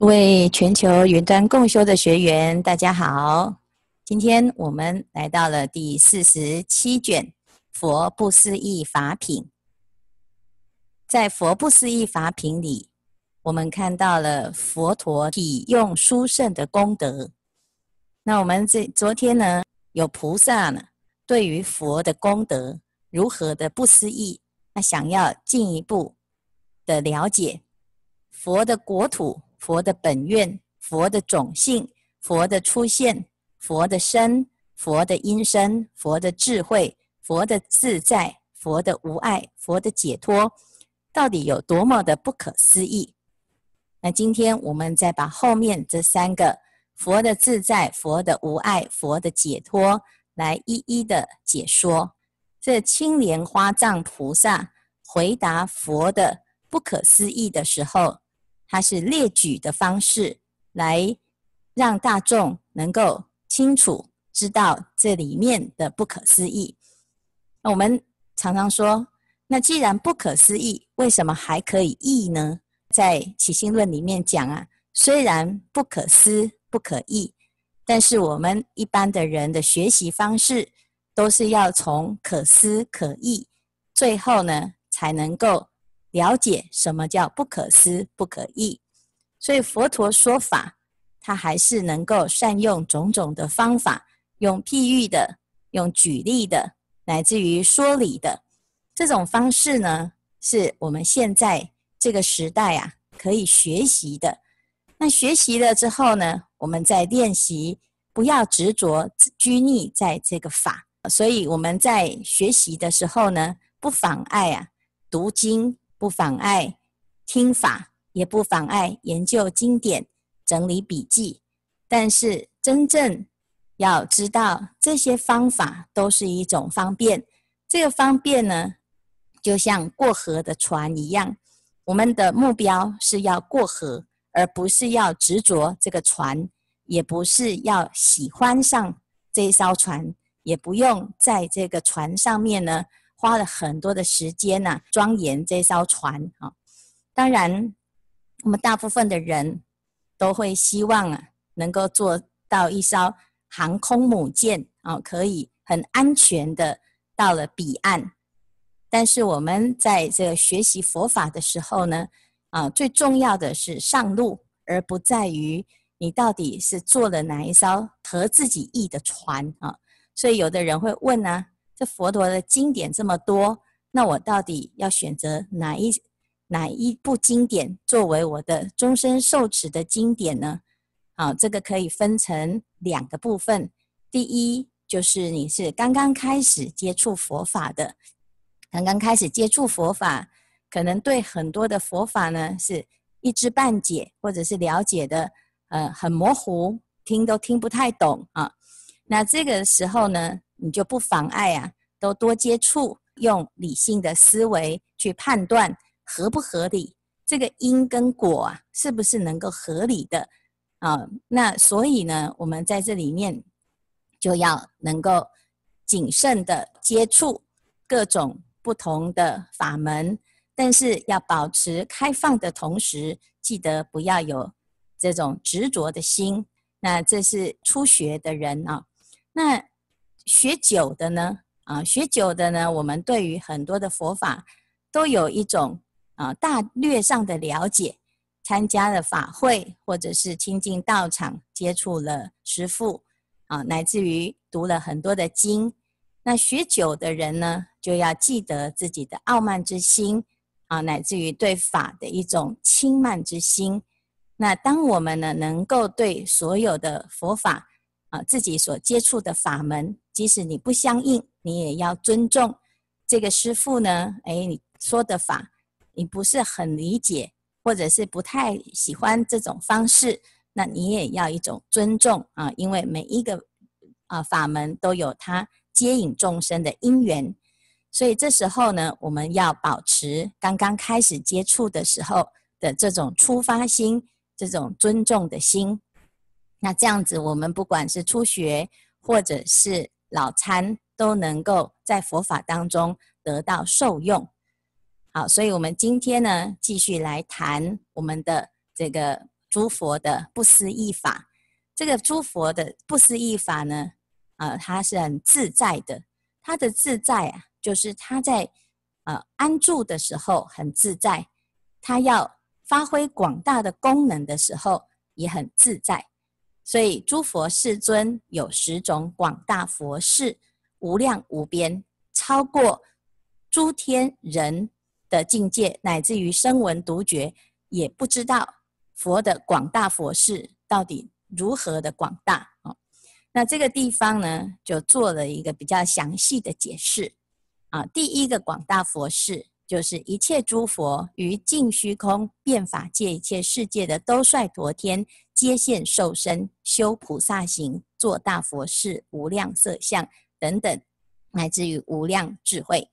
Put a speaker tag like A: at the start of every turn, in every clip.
A: 各位全球雲端共修的學員，大家好！今天我們來到了第四十七卷《佛不思議法品》。在《佛不思議法品》裡，我們看到了佛陀體用殊勝的功德。那我們這昨天呢，有菩薩呢，對於佛的功德如何的不思議，那想要進一步的了解佛的國土。佛的本願，佛的種性，佛的出現，佛的身，佛的音聲，佛的智慧，佛的自在，佛的無礙，佛的解脫，到底有多麼的不可思議？那今天我們再把後面這三個佛的自在、佛的無礙、佛的解脫來一一的解說。這青蓮花藏菩薩回答佛的不可思議的時候。它是列舉的方式，來讓大眾能夠清楚知道這裡面的不可思議。那我們常常說，那既然不可思議，為什麼還可以議呢？在《起信論》裡面講啊，雖然不可思不可議，但是我們一般的人的學習方式，都是要從可思可議，最後呢才能夠。了解什麼叫不可思不可議，所以佛陀說法，他還是能夠善用種種的方法，用譬喻的，用舉例的，乃至於說理的這種方式呢，是我們現在這個時代啊可以學習的。那學習了之後呢，我們再練習，不要執着拘泥在這個法，所以我們在學習的時候呢，不妨礙啊讀經。不妨礙聽法，也不妨礙研究經典、整理筆記。但是，真正要知道，這些方法都是一種方便。這個方便呢，就像過河的船一樣。我們的目標是要過河，而不是要執着這個船，也不是要喜歡上這一艘船，也不用在這個船上面呢。花了很多的時間吶、啊，莊嚴這艘船啊。當然，我們大部分的人都會希望啊，能夠坐到一艘航空母艦啊，可以很安全地到了彼岸。但是我們在這個學習佛法的時候呢，啊，最重要的是上路，而不在於你到底是坐了哪一艘合自己意的船啊。所以，有的人會問呢、啊。這佛陀的經典這麼多，那我到底要選擇哪一哪一部經典作為我的終身受持的經典呢？啊，這個可以分成兩個部分。第一，就是你是剛剛開始接觸佛法的，剛剛開始接觸佛法，可能對很多的佛法呢是一知半解，或者是了解的呃很模糊，聽都聽不太懂啊。那這個時候呢？你就不妨礙啊，都多接觸，用理性的思維去判斷合不合理，這個因跟果啊，是不是能夠合理的啊？那所以呢，我們在這裡面就要能夠謹慎地接觸各種不同的法門，但是要保持開放的同時，記得不要有這種執着的心。那這是初學的人啊，那。學久的呢，啊，學久的呢，我們對於很多的佛法都有一種啊大略上的了解，參加了法會，或者是親近道場，接觸了師父，啊，乃至於讀了很多的經。那學久的人呢，就要記得自己的傲慢之心，啊，乃至於對法的一種輕慢之心。那當我們呢，能夠對所有的佛法啊，自己所接觸的法門，即使你不相應，你也要尊重這個師父呢。誒、哎，你說的法，你不是很理解，或者是不太喜歡這種方式，那你也要一種尊重啊，因為每一個啊法門都有它接引眾生的因緣。所以這時候呢，我們要保持剛剛開始接觸的時候的這種出發心，這種尊重的心。那這樣子，我們不管是初學，或者是老禪都能夠在佛法當中得到受用，好，所以我們今天呢，繼續來談我們的這個諸佛的不思議法。這個諸佛的不思議法呢，呃，它是很自在的。它的自在啊，就是他在呃安住的時候很自在，他要發揮廣大的功能的時候也很自在。所以，諸佛世尊有十種廣大佛事，無量無邊，超過諸天人的境界，乃至於聲聞獨覺，也不知道佛的廣大佛事到底如何的廣大哦。那這個地方呢，就做了一個比較詳細的解釋啊。第一個廣大佛事。就是一切諸佛於盡虛空遍法界一切世界的兜率陀天，皆現受身修菩薩行，做大佛事，無量色相等等，乃至於無量智慧。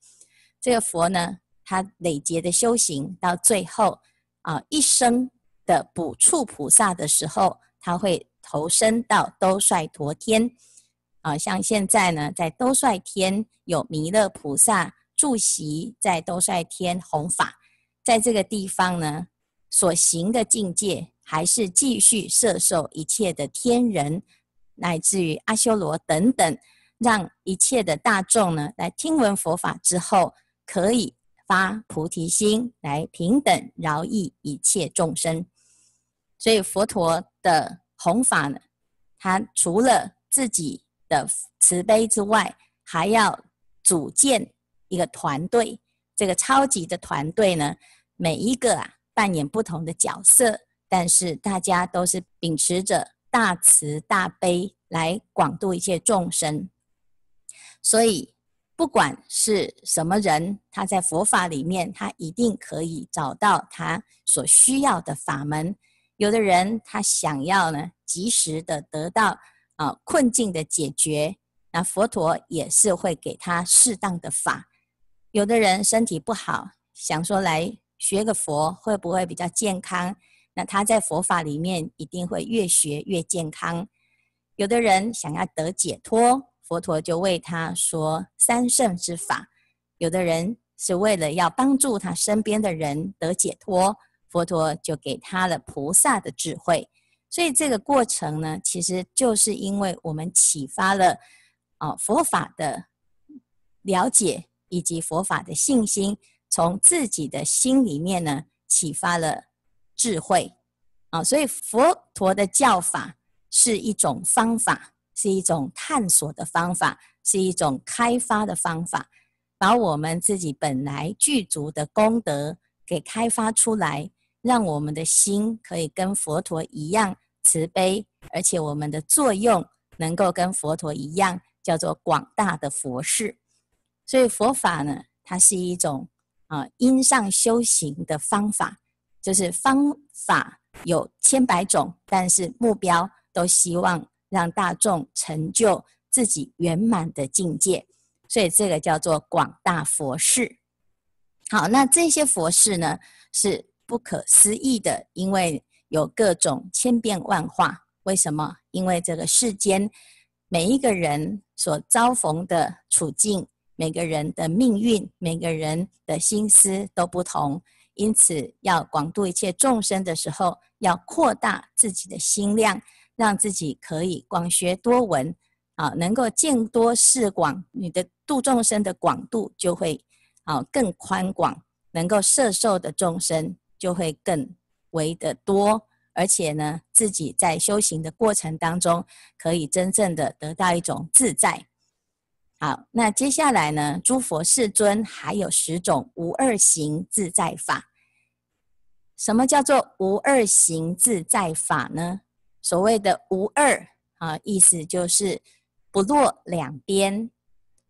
A: 這個佛呢，他累劫的修行到最後啊、呃，一生的補處菩薩的時候，他會投生到兜率陀天啊、呃。像現在呢，在兜率天有彌勒菩薩。住席在兜率天弘法，在這個地方呢，所行的境界還是繼續攝受一切的天人，乃至於阿修羅等等，讓一切的大眾呢來聽聞佛法之後，可以發菩提心，來平等饒益一切眾生。所以佛陀的弘法呢，他除了自己的慈悲之外，還要組建。一個團隊，這個超級的團隊呢，每一個啊扮演不同的角色，但是大家都是秉持着大慈大悲來廣度一切眾生。所以，不管是什麼人，他在佛法裡面，他一定可以找到他所需要的法門。有的人他想要呢，及時的得到啊，呃，困境的解決，那佛陀也是會給他適當的法。有的人身體不好，想說來學個佛會不會比較健康？那他在佛法裡面一定會越學越健康。有的人想要得解脫，佛陀就為他說三乘之法；有的人是為了要幫助他身邊的人得解脫，佛陀就給他了菩薩的智慧。所以這個過程呢，其實就是因為我們啟發了啊、哦、佛法的了解。以及佛法的信心，從自己的心裡面呢，啟發了智慧啊、哦。所以佛陀的教法，是一種方法，是一種探索的方法，是一種開發的方法，把我們自己本來具足的功德給開發出來，讓我們的心可以跟佛陀一樣慈悲，而且我們的作用能夠跟佛陀一樣，叫做廣大的佛事。所以佛法呢，它是一種啊、呃、因上修行的方法，就是方法有千百種，但是目標都希望讓大眾成就自己圓滿的境界，所以這個叫做廣大佛事。好，那這些佛事呢，是不可思議的，因為有各種千變萬化。為什麼？因為這個世間每一個人所遭逢的處境。每個人的命運、每個人的心思都不同，因此要廣度一切眾生的時候，要擴大自己的心量，讓自己可以廣學多聞，啊，能夠見多識廣，你的度眾生的廣度就會啊更寬廣，能夠攝受的眾生就會更為的多，而且呢，自己在修行的過程當中，可以真正的得到一種自在。好，那接下來呢，諸佛世尊還有十種無二行自在法。什麼叫做無二行自在法呢？所謂的無二啊，意思就是不落兩邊。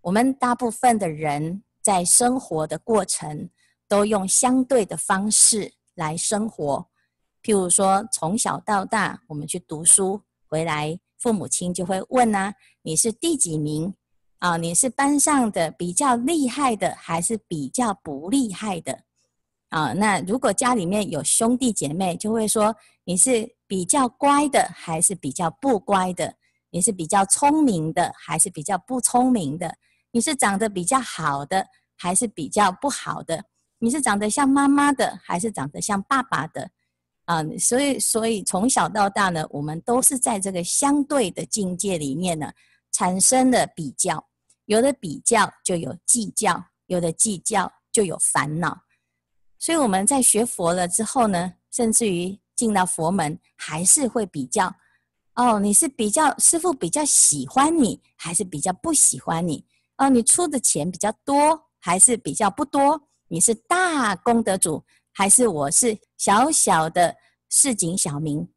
A: 我們大部分的人在生活的過程，都用相對的方式來生活。譬如說，從小到大，我們去讀書回來，父母親就會問啊：你是第幾名？啊，你是班上的比較厲害的，還是比較不厲害的？啊，那如果家裡面有兄弟姐妹，就會說你是比較乖的，還是比較不乖的？你是比較聰明的，還是比較不聰明的？你是長得比較好的，還是比較不好的？你是長得像媽媽的，還是長得像爸爸的？啊，所以，所以從小到大呢，我們都是在這個相對的境界裡面呢。產生的比較，有的比較就有計較，有的計較就有煩惱。所以我們在學佛了之後呢，甚至於進到佛門，還是會比較。哦，你是比較，師父比較喜歡你，還是比較不喜歡你？哦，你出的錢比較多，還是比較不多？你是大功德主，還是我是小小的市井小民？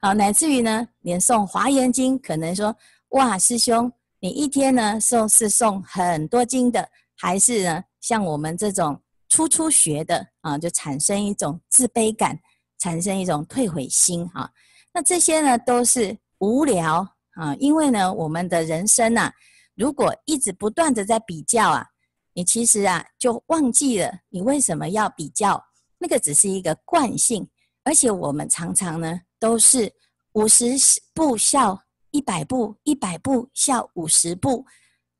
A: 哦，乃至於呢，連誦《華嚴經》，可能說。哇，師兄，你一天呢送是送很多斤的，還是呢像我們這種初初學的啊，就產生一種自卑感，產生一種退悔心哈、啊，那這些呢都是無聊啊，因為呢我們的人生啊，如果一直不斷地在比較啊，你其實啊就忘記了你為什麼要比較，那個只是一個慣性，而且我們常常呢都是五十步笑一百步，一百步笑五十步。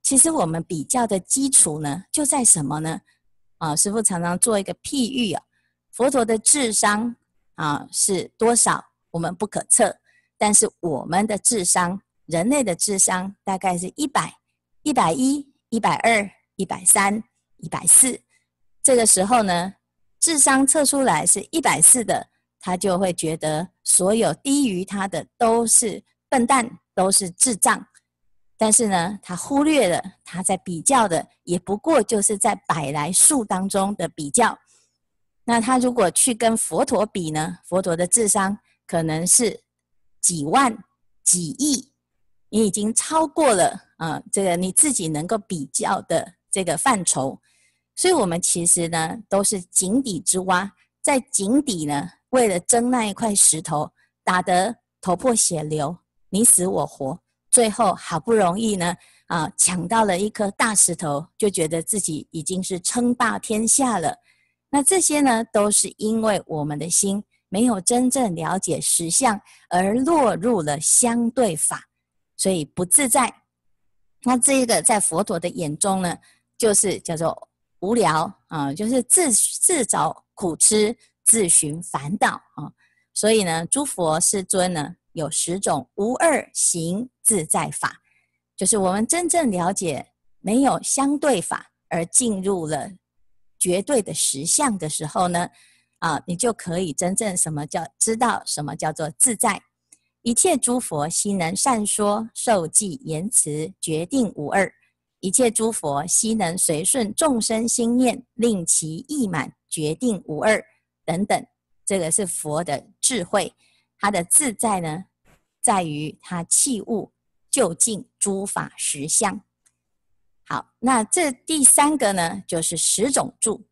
A: 其實我們比較的基礎呢，就在什麼呢？啊，師父常常做一個譬喻啊，佛陀的智商啊是多少？我們不可測。但是我們的智商，人類的智商大概是一百、一百一、一百二、一百三、一百四。這個時候呢，智商測出來是一百四的，他就會覺得所有低於他的都是笨蛋。都是智障，但是呢，他忽略了他在比較的也不過就是在百來數當中的比較。那他如果去跟佛陀比呢？佛陀的智商可能是幾萬、幾億，你已經超過了啊、呃，這個你自己能夠比較的這個範疇。所以，我們其實呢，都是井底之蛙，在井底呢，為了爭那一塊石頭，打得頭破血流。你死我活，最後好不容易呢，啊、呃，搶到了一顆大石頭，就覺得自己已經是稱霸天下了。那這些呢，都是因為我們的心沒有真正了解實相，而落入了相對法，所以不自在。那這個在佛陀的眼中呢，就是叫做無聊啊、呃，就是自自找苦吃，自尋煩惱啊、哦。所以呢，諸佛世尊呢。有十種無二行自在法，就是我們真正了解沒有相對法而進入了絕對的實相的時候呢，啊，你就可以真正什麼叫知道什麼叫做自在。一切諸佛悉能善說受記言辭，決定無二；一切諸佛悉能隨順眾生心念，令其意滿，決定無二等等。這個是佛的智慧。它的自在呢，在於它器物就近諸法實相。好，那這第三個呢，就是十種住。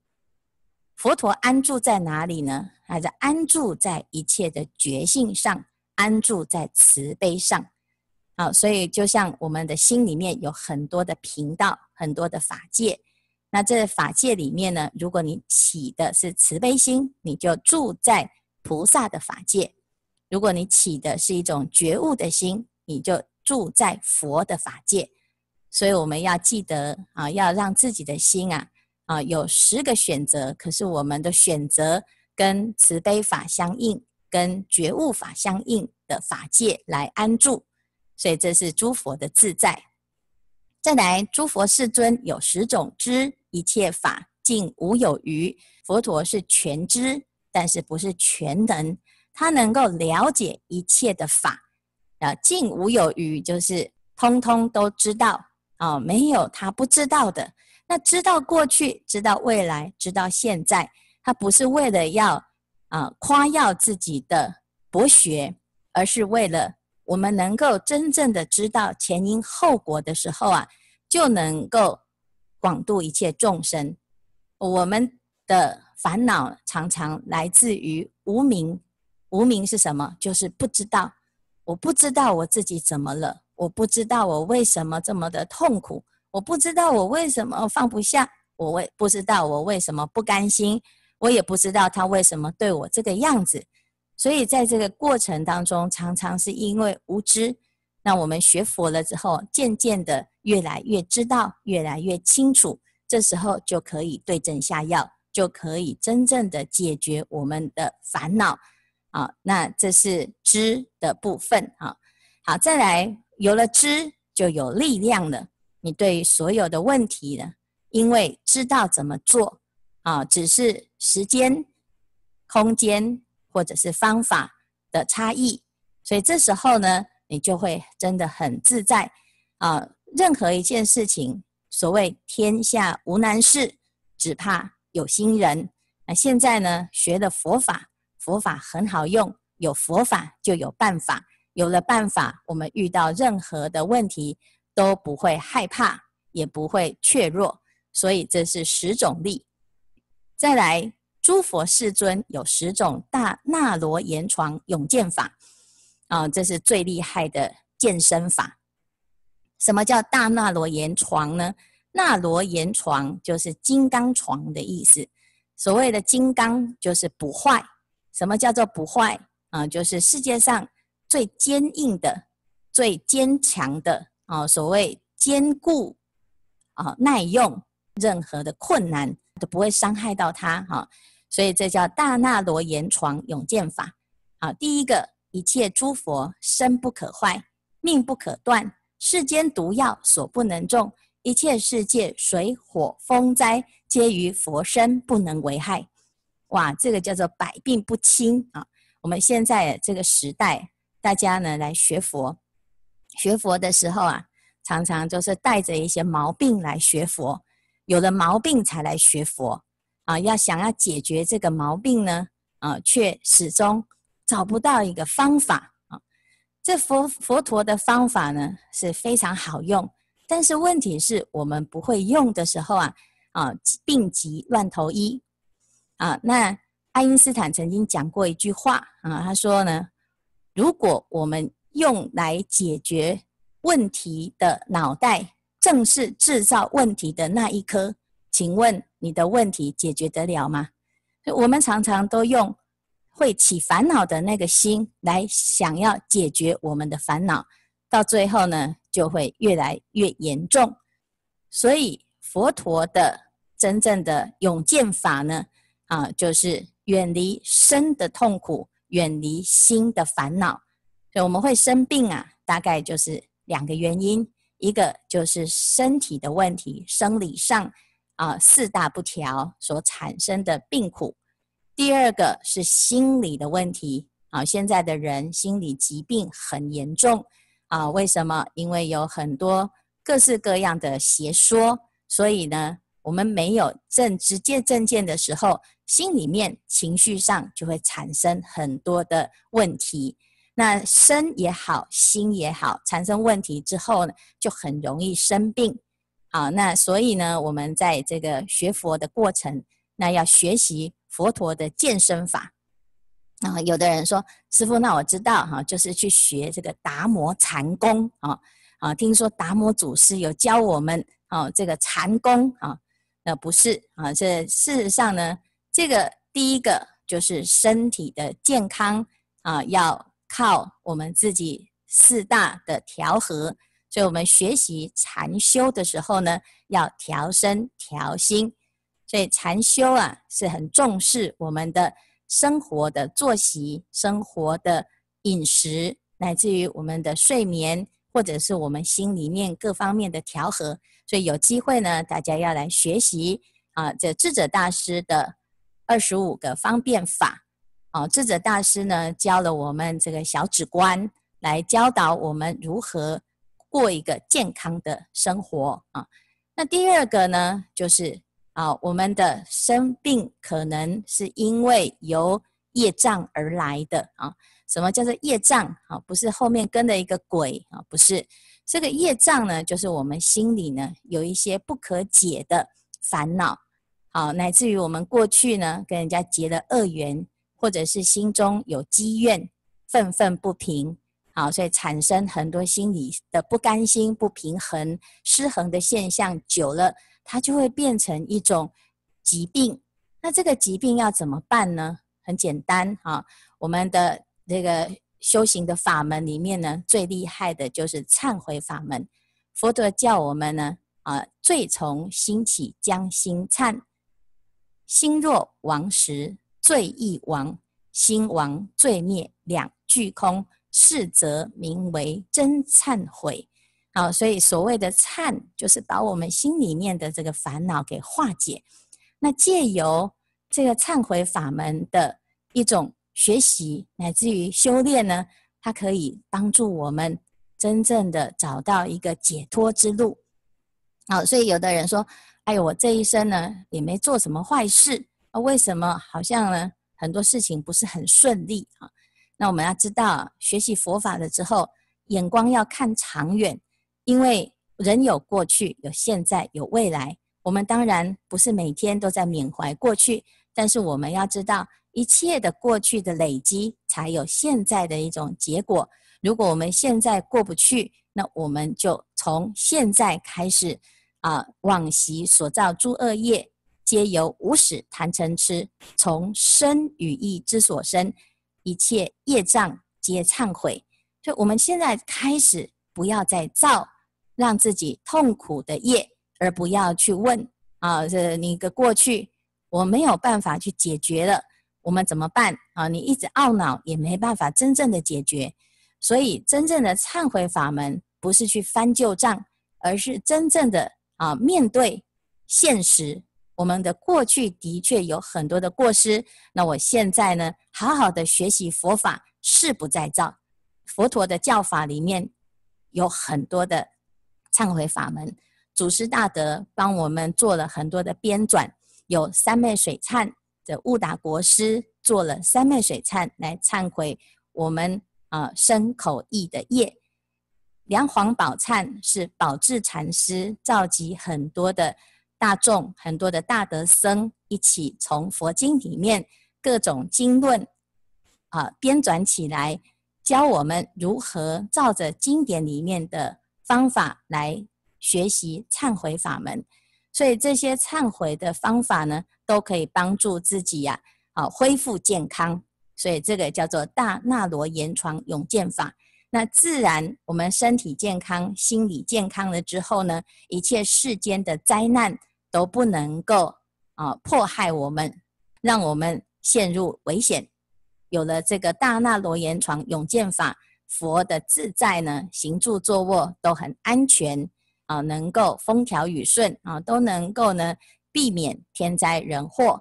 A: 佛陀安住在哪裡呢？還是安住在一切的覺性上，安住在慈悲上。好，所以就像我們的心裡面有很多的頻道，很多的法界。那這法界裡面呢，如果你起的是慈悲心，你就住在菩薩的法界。如果你起的是一種覺悟的心，你就住在佛的法界。所以我們要記得啊，要讓自己的心啊啊有十個選擇。可是我們的選擇跟慈悲法相應，跟覺悟法相應的法界來安住。所以這是諸佛的自在。再來，諸佛世尊有十種知一切法，盡無有餘。佛陀是全知，但是不是全能。他能夠了解一切的法，啊，盡無有餘，就是通通都知道啊，沒有他不知道的。那知道過去，知道未來，知道現在，他不是為了要啊誇耀自己的博學，而是為了我們能夠真正的知道前因後果的時候啊，就能夠廣度一切眾生。我們的煩惱常常來自於無明。無明是什麼？就是不知道，我不知道我自己怎麼了，我不知道我為什麼這麼的痛苦，我不知道我為什麼放不下，我不知道我為什麼不甘心，我也不知道他為什麼對我這個樣子。所以在這個過程當中，常常是因為無知。那我們學佛了之後，漸漸的越來越知道，越來越清楚，這時候就可以對症下藥，就可以真正的解決我們的煩惱。啊，那這是知的部分啊。好，再來，有了知就有力量了。你對於所有的問題呢，因為知道怎麼做啊，只是時間、空間或者是方法的差異。所以這時候呢，你就會真的很自在啊。任何一件事情，所謂天下無難事，只怕有心人。那現在呢，學的佛法。佛法很好用，有佛法就有辦法，有了辦法，我們遇到任何的問題都不會害怕，也不會怯弱，所以這是十種力。再來，諸佛世尊有十種大那羅延幢勇健法，啊，這是最厲害的健身法。什麼叫大那羅延幢呢？那羅延幢就是金剛幢的意思。所謂的金剛就是不壞。什麼叫做不壞啊？就是世界上最堅硬的、最堅強的啊，所謂堅固啊、耐用，任何的困難都不會傷害到它哈、啊。所以這叫大那羅延幢勇健法。啊，第一個，一切諸佛身不可壞，命不可斷，世間毒藥所不能中，一切世界水火風災皆於佛身不能為害。哇，這個叫做百病不侵啊！我們現在這個時代，大家呢來學佛，學佛的時候啊，常常就是帶着一些毛病來學佛，有了毛病才來學佛啊。要想要解決這個毛病呢，啊，卻始終找不到一個方法啊。這佛佛陀的方法呢是非常好用，但是問題是我們不會用的時候啊，啊，病急亂投醫。啊，那愛因斯坦曾經講過一句話啊，他說呢，如果我們用來解決問題的腦袋，正是制造問題的那一顆，請問你的問題解決得了嗎？我們常常都用會起煩惱的那個心來想要解決我們的煩惱，到最後呢，就會越來越嚴重。所以佛陀的真正的永健法呢？啊，就是遠離身的痛苦，遠離心的煩惱，所以我們會生病啊。大概就是兩個原因，一個就是身體的問題，生理上啊四大不調所產生的病苦；第二個是心理的問題啊。現在的人心理疾病很嚴重啊，為什麼？因為有很多各式各樣的邪說，所以呢，我們沒有正直接正見的時候。心裡面情緒上就會產生很多的問題，那身也好，心也好，產生問題之後呢，就很容易生病。啊，那所以呢，我們在這個學佛的過程，那要學習佛陀的健身法。啊，有的人說，師父，那我知道哈，啊，就是去學這個達摩禪功啊啊，聽說達摩祖師有教我們啊，這個禪功啊，那不是啊，這事實上呢。這個第一個就是身體的健康啊、呃，要靠我們自己四大的調和，所以我們學習禪修的時候呢，要調身調心，所以禪修啊是很重視我們的生活的作息、生活的飲食，乃至於我們的睡眠或者是我們心裡面各方面的調和，所以有機會呢，大家要來學習啊、呃，這智者大師的，二十五個方便法，哦，智者大師呢教了我們這個小止觀，來教導我們如何過一個健康的生活啊。那第二個呢，就是啊，我們的生病可能是因為由業障而來的啊。什麼叫做業障？啊，不是後面跟着一個鬼啊，不是。這個業障呢，就是我們心裡呢有一些不可解的煩惱。好，乃至於我們過去呢，跟人家結了惡緣，或者是心中有積怨、憤憤不平，好、啊，所以產生很多心理的不甘心、不平衡、失衡的現象，久了，它就會變成一種疾病。那這個疾病要怎麼辦呢？很簡單，啊，我們的這個修行的法門裡面呢，最厲害的就是懺悔法門。佛陀教我們呢，啊，罪從心起，將心懺。心若亡時罪亦亡，心亡罪滅兩俱空，是則名為真懺悔。好，所以所謂的懺，就是把我們心裡面的這個煩惱給化解。那借由這個懺悔法門的一種學習，乃至於修煉呢，它可以幫助我們真正的找到一個解脫之路。好，所以有的人說。還有、哎喲、我這一生呢，也沒做什麼壞事啊，為什麼好像呢很多事情不是很順利啊？那我們要知道，學習佛法了之後，眼光要看長遠，因為人有過去、有現在、有未來。我們當然不是每天都在緬懷過去，但是我們要知道，一切的過去的累積，才有現在的一種結果。如果我們現在過不去，那我們就從現在開始。啊，往昔所造諸惡業，皆由無始貪嗔癡，從身語意之所生，一切業障皆懺悔。就我們現在開始，不要再造讓自己痛苦的業，而不要去問啊，這你的過去我沒有辦法去解決了，我們怎麼辦啊？你一直懊惱也沒辦法真正的解決，所以真正的懺悔法門不是去翻舊賬，而是真正的。啊，面對現實，我們的過去的確有很多的過失。那我現在呢，好好的學習佛法，誓不再造。佛陀的教法裡面有很多的懺悔法門，祖師大德幫我們做了很多的編撰，有三昧水懺的悟達國師做了三昧水懺來懺悔我們啊身、呃、口意的業。梁皇寶懺是寶志禪師召集很多的大眾，很多的大德僧一起從佛經裡面各種經論啊編纂起來，教我們如何照着經典裡面的方法來學習懺悔法門。所以這些懺悔的方法呢，都可以幫助自己呀，啊，啊恢復健康。所以這個叫做大那羅延幢勇健法。那自然，我們身體健康，心理健康了之後呢，一切世間的災難都不能夠啊迫害我們，讓我們陷入危險。有了這個大那羅延幢勇健法，佛的自在呢，行住坐臥都很安全啊，能夠風調雨順啊，都能夠呢避免天災人禍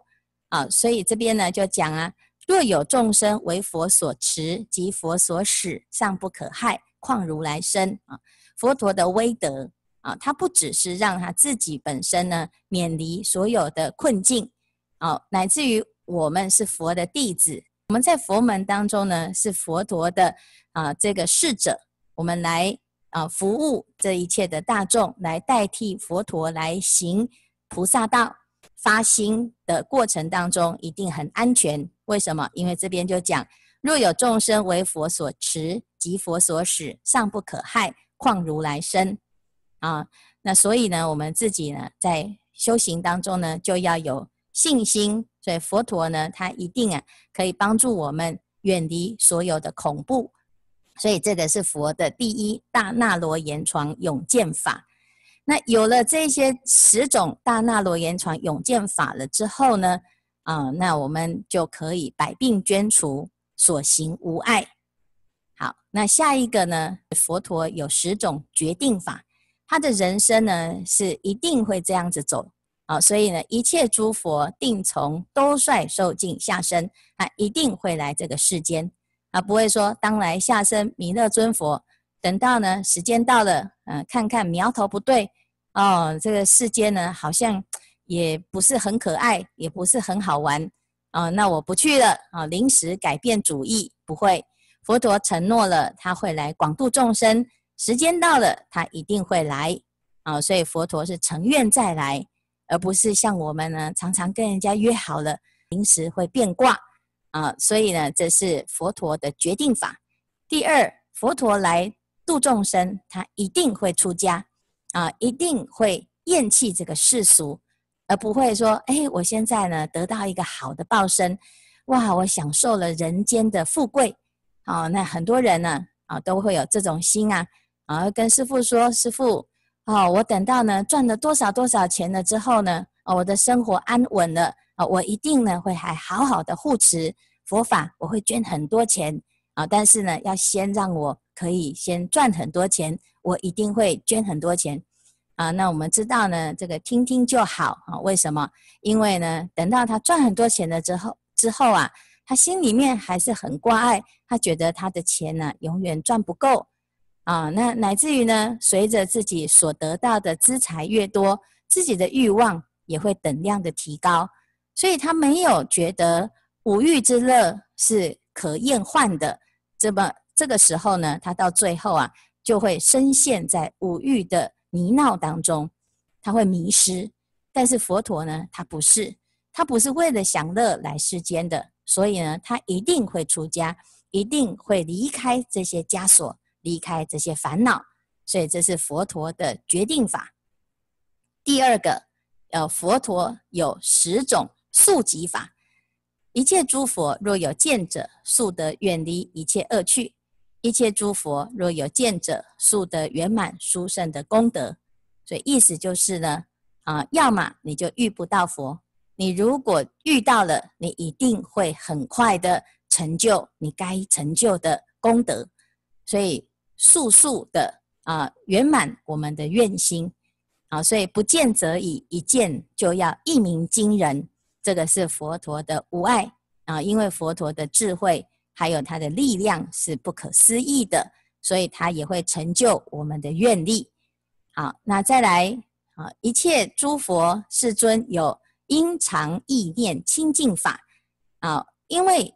A: 啊。所以這邊呢就講啊。若有眾生為佛所持及佛所使，尚不可害，況如來身啊！佛陀的威德啊，他不只是讓他自己本身呢免離所有的困境，啊，乃至於我們是佛的弟子，我們在佛門當中呢是佛陀的啊這個侍者，我們來啊服務這一切的大眾，來代替佛陀來行菩薩道。發心的過程當中一定很安全，為什麼？因為這邊就講，若有眾生為佛所持，及佛所使，尚不可害，況如來身。啊。那所以呢，我們自己呢，在修行當中呢，就要有信心，所以佛陀呢，他一定啊，可以幫助我們遠離所有的恐怖。所以這個是佛的第一大那羅延幢勇健法。那有了這些十種大那羅延幢勇健法了之後呢，啊、呃，那我們就可以百病捐除，所行無礙。好，那下一個呢，佛陀有十種決定法，他的人生呢是一定會這樣子走。啊，所以呢，一切諸佛定從兜率受盡下生，啊，一定會來這個世間，啊，不會說當來下生彌勒尊佛。等到呢時間到了，嗯、呃，看看苗頭不對哦，這個世間呢好像也不是很可愛，也不是很好玩啊、哦，那我不去了啊、哦，臨時改變主意不會。佛陀承諾了，他會來廣度眾生，時間到了他一定會來啊、哦，所以佛陀是乘願再來，而不是像我們呢常常跟人家約好了，臨時會變卦啊、哦，所以呢這是佛陀的決定法。第二，佛陀來。度眾生，他一定會出家啊，一定會厭棄這個世俗，而不會說：哎，我現在呢得到一個好的報身，哇，我享受了人間的富貴。哦、啊，那很多人呢啊，都會有這種心啊，啊，跟師父說：“師父，哦、啊，我等到呢賺了多少多少錢了之後呢，啊、我的生活安穩了啊，我一定呢會還好好的護持佛法，我會捐很多錢啊，但是呢，要先讓我。”可以先賺很多錢，我一定會捐很多錢啊！那我們知道呢，這個聽聽就好啊。為什麽？因為呢，等到他賺很多錢了之後，之後啊，他心裡面還是很掛礙，他覺得他的錢呢、啊、永遠賺不夠啊。那乃至於呢，隨着自己所得到的資財越多，自己的欲望也會等量的提高，所以他沒有覺得五欲之樂是可厭患的這麼。這個時候呢，他到最後啊，就會深陷在五欲的泥淖當中，他會迷失。但是佛陀呢，他不是，他不是為了享樂來世間的，所以呢，他一定會出家，一定會離開這些枷鎖，離開這些煩惱。所以這是佛陀的決定法。第二個，呃，佛陀有十種速疾法，一切諸佛若有見者，速得遠離一切惡趣。一切諸佛若有見者，速得圓滿殊勝的功德。所以意思就是呢，啊，要麼你就遇不到佛，你如果遇到了，你一定會很快的成就你該成就的功德。所以速速的啊，圓滿我們的願心啊。所以不見則已，一見就要一鳴驚人。這個是佛陀的無礙啊，因為佛陀的智慧。還有它的力量是不可思議的，所以它也會成就我們的願力。好，那再來啊，一切諸佛世尊有因常意念清淨法啊，因為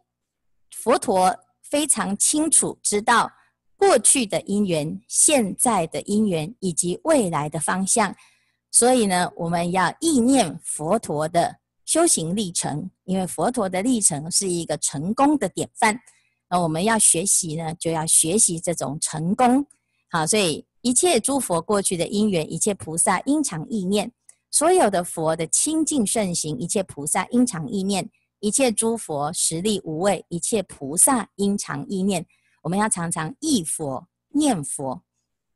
A: 佛陀非常清楚知道過去的因緣、現在的因緣以及未來的方向，所以呢，我們要意念佛陀的。修行歷程，因為佛陀的歷程是一個成功的典範，那我們要學習呢，就要學習這種成功。好，所以一切諸佛過去的因緣，一切菩薩應常意念，所有的佛的清淨聖行，一切菩薩應常意念，一切諸佛十力無畏，一切菩薩應常意念。我們要常常意佛念佛，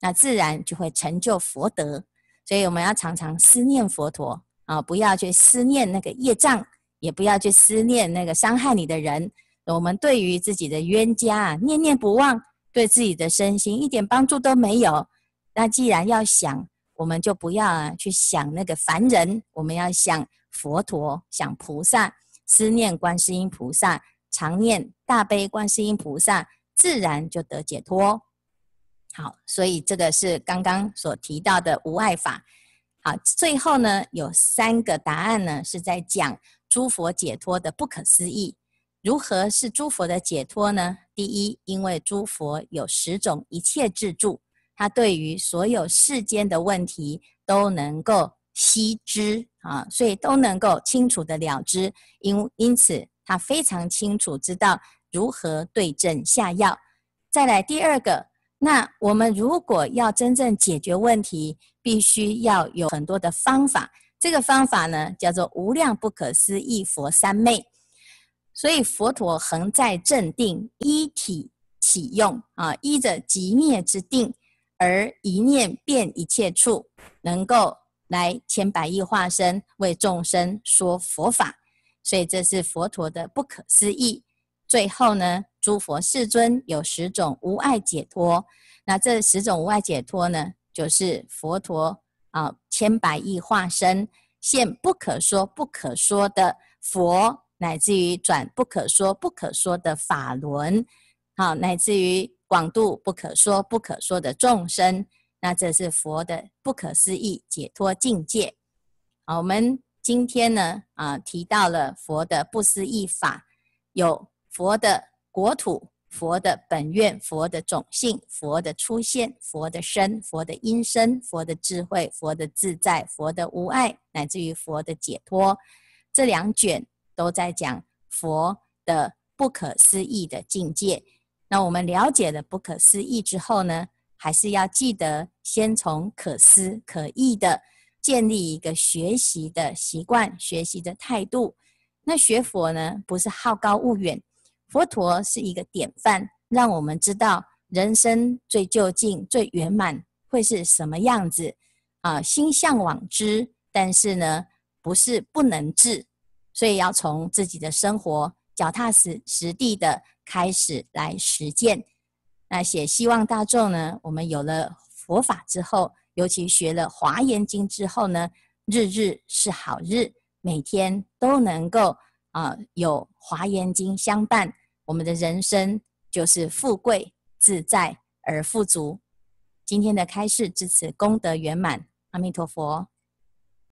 A: 那自然就會成就佛德。所以我們要常常思念佛陀。啊、哦，不要去思念那個業障，也不要去思念那個傷害你的人。我們對於自己的冤家念念不忘，對自己的身心一點幫助都沒有。那既然要想，我們就不要啊去想那個凡人，我們要想佛陀，想菩薩，思念觀世音菩薩，常念大悲觀世音菩薩，自然就得解脫。好，所以這個是剛剛所提到的無礙法。好，最後呢，有三個答案呢，是在講諸佛解脫的不可思議。如何是諸佛的解脫呢？第一，因為諸佛有十種一切智住，他對於所有世間的問題都能夠悉知啊，所以都能夠清楚的了知。因因此，他非常清楚知道如何對症下藥。再來第二個。那我們如果要真正解決問題，必須要有很多的方法。這個方法呢，叫做無量不可思議佛三昧。所以佛陀恆在正定，依體起用啊，依着極滅之定而一念遍一切處，能夠來千百億化身為眾生說佛法。所以這是佛陀的不可思議。最後呢，諸佛世尊有十種無礙解脫，那這十種無礙解脫呢，就是佛陀啊千百億化身現不可說不可說的佛，乃至於轉不可說不可說的法輪，啊，乃至於廣度不可說不可說的眾生。那這是佛的不可思議解脫境界。好，我們今天呢啊提到了佛的不思議法，有佛的。國土，佛的本願，佛的種性，佛的出現，佛的身，佛的音聲，佛的智慧，佛的自在，佛的無礙，乃至於佛的解脫，這兩卷都在講佛的不可思議的境界。那我們了解了不可思議之後呢，還是要記得先從可思可議的建立一個學習的習慣、學習的態度。那學佛呢，不是好高騖遠。佛陀是一個典範，讓我們知道人生最究竟、最圓滿會是什麼樣子啊、呃！心向往之，但是呢，不是不能治，所以要從自己的生活、腳踏實實地的開始來實踐。那寫希望大眾呢，我們有了佛法之後，尤其學了《華嚴經》之後呢，日日是好日，每天都能夠啊、呃，有《華嚴經》相伴。我們的人生就是富貴自在而富足。今天的開示至此功德圓滿，阿彌陀佛。